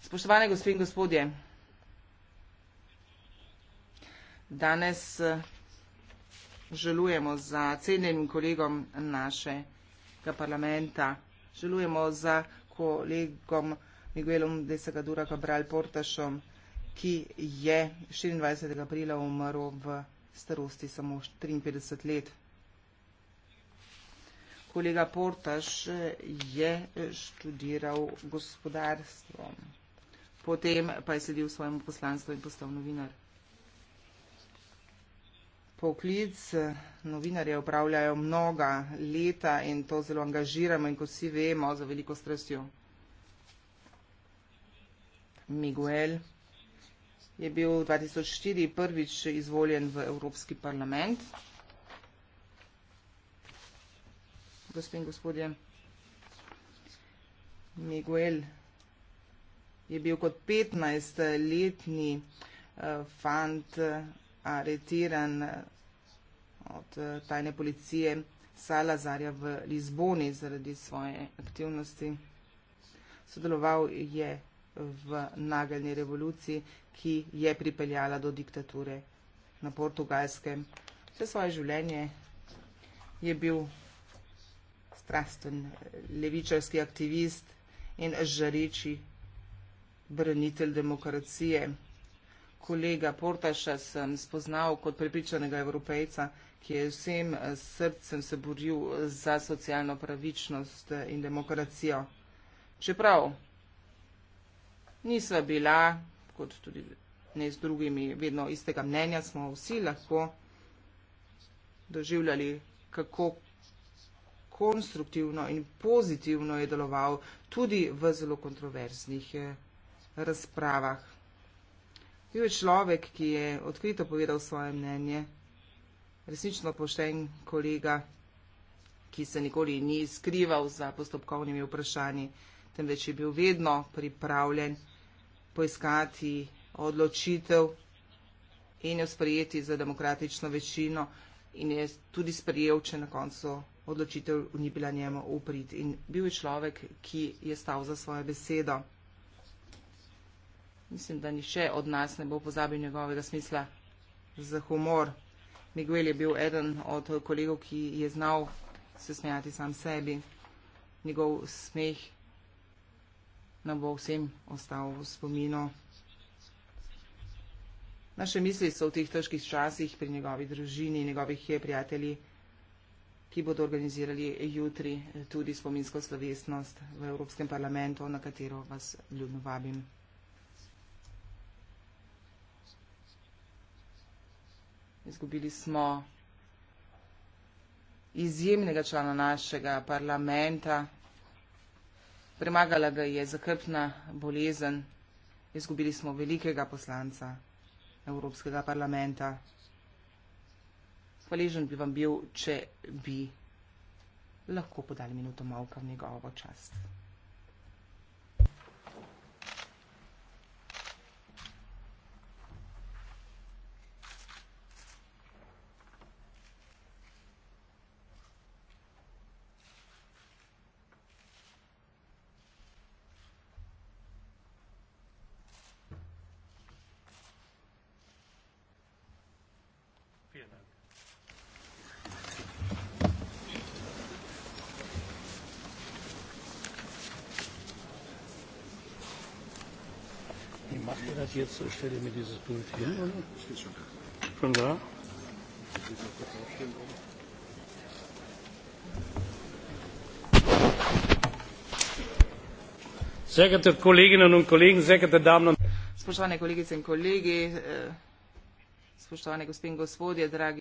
spoštovane gospe in gospodje danes eh, žalujemo za cenjenim kolegom našega parlamenta žalujemo za kolegom Miguelom de Segadura Cabral Portašom ki je 24. aprila umrl v starosti samo 53 let kolega Portaš je študiral gospodarstvo. Potem pa je sledil svojemu poslanstvu in postal novinar. Poklic novinarje upravljajo mnoga leta in to zelo angažiramo in ko vsi vemo za veliko strastjo. Miguel je bil 2004 prvič izvoljen v Evropski parlament. gospe in gospodje, Miguel je bil kot 15-letni eh, fant eh, aretiran eh, od tajne policije Salazarja v Lizboni zaradi svoje aktivnosti. Sodeloval je v nageljni revoluciji, ki je pripeljala do diktature na portugalskem. Vse svoje življenje je bil strasten levičarski aktivist in žareči branitelj demokracije. Kolega Portaša sem spoznal kot prepričanega evropejca, ki je vsem eh, srcem se boril za socialno pravičnost eh, in demokracijo. Čeprav nisva bila, kot tudi ne z drugimi, vedno istega mnenja, smo vsi lahko doživljali, kako konstruktivno in pozitivno je deloval tudi v zelo kontroverznih eh, razpravah. Bil je človek, ki je odkrito povedal svoje mnenje, resnično pošten kolega, ki se nikoli ni skrival za postopkovnimi vprašanji, temveč je bil vedno pripravljen poiskati odločitev in jo sprejeti za demokratično večino in je tudi sprejel, če na koncu odločitev ni bila njemu uprit. In bil je človek, ki je stal za svojo besedo. Mislim, da nišče od nas ne bo pozabil njegovega smisla za humor. Miguel je bil eden od kolegov, ki je znal se smejati sam sebi. Njegov smeh nam bo vsem ostal v spominu. Naše misli so v teh težkih časih pri njegovi družini in njegovih prijatelji, ki bodo organizirali jutri tudi spominsko slovesnost v Evropskem parlamentu, na katero vas ljudno vabim. Izgubili smo izjemnega člana našega parlamenta. Premagala ga je zakrpna bolezen. Izgubili smo velikega poslanca. Evropskega parlamenta. Hvaležen bi vam bil, če bi lahko podali minuto malka v njegovo čast. Vielen Dank. Wie macht ihr das jetzt? Ich stelle mir dieses Pult hin, oder? Von da? Sehr geehrte Kolleginnen und Kollegen, sehr geehrte Damen und Herren, Spoštovane kolegice in kolegi, eh, spoštovane gospe in gospodje, dragi.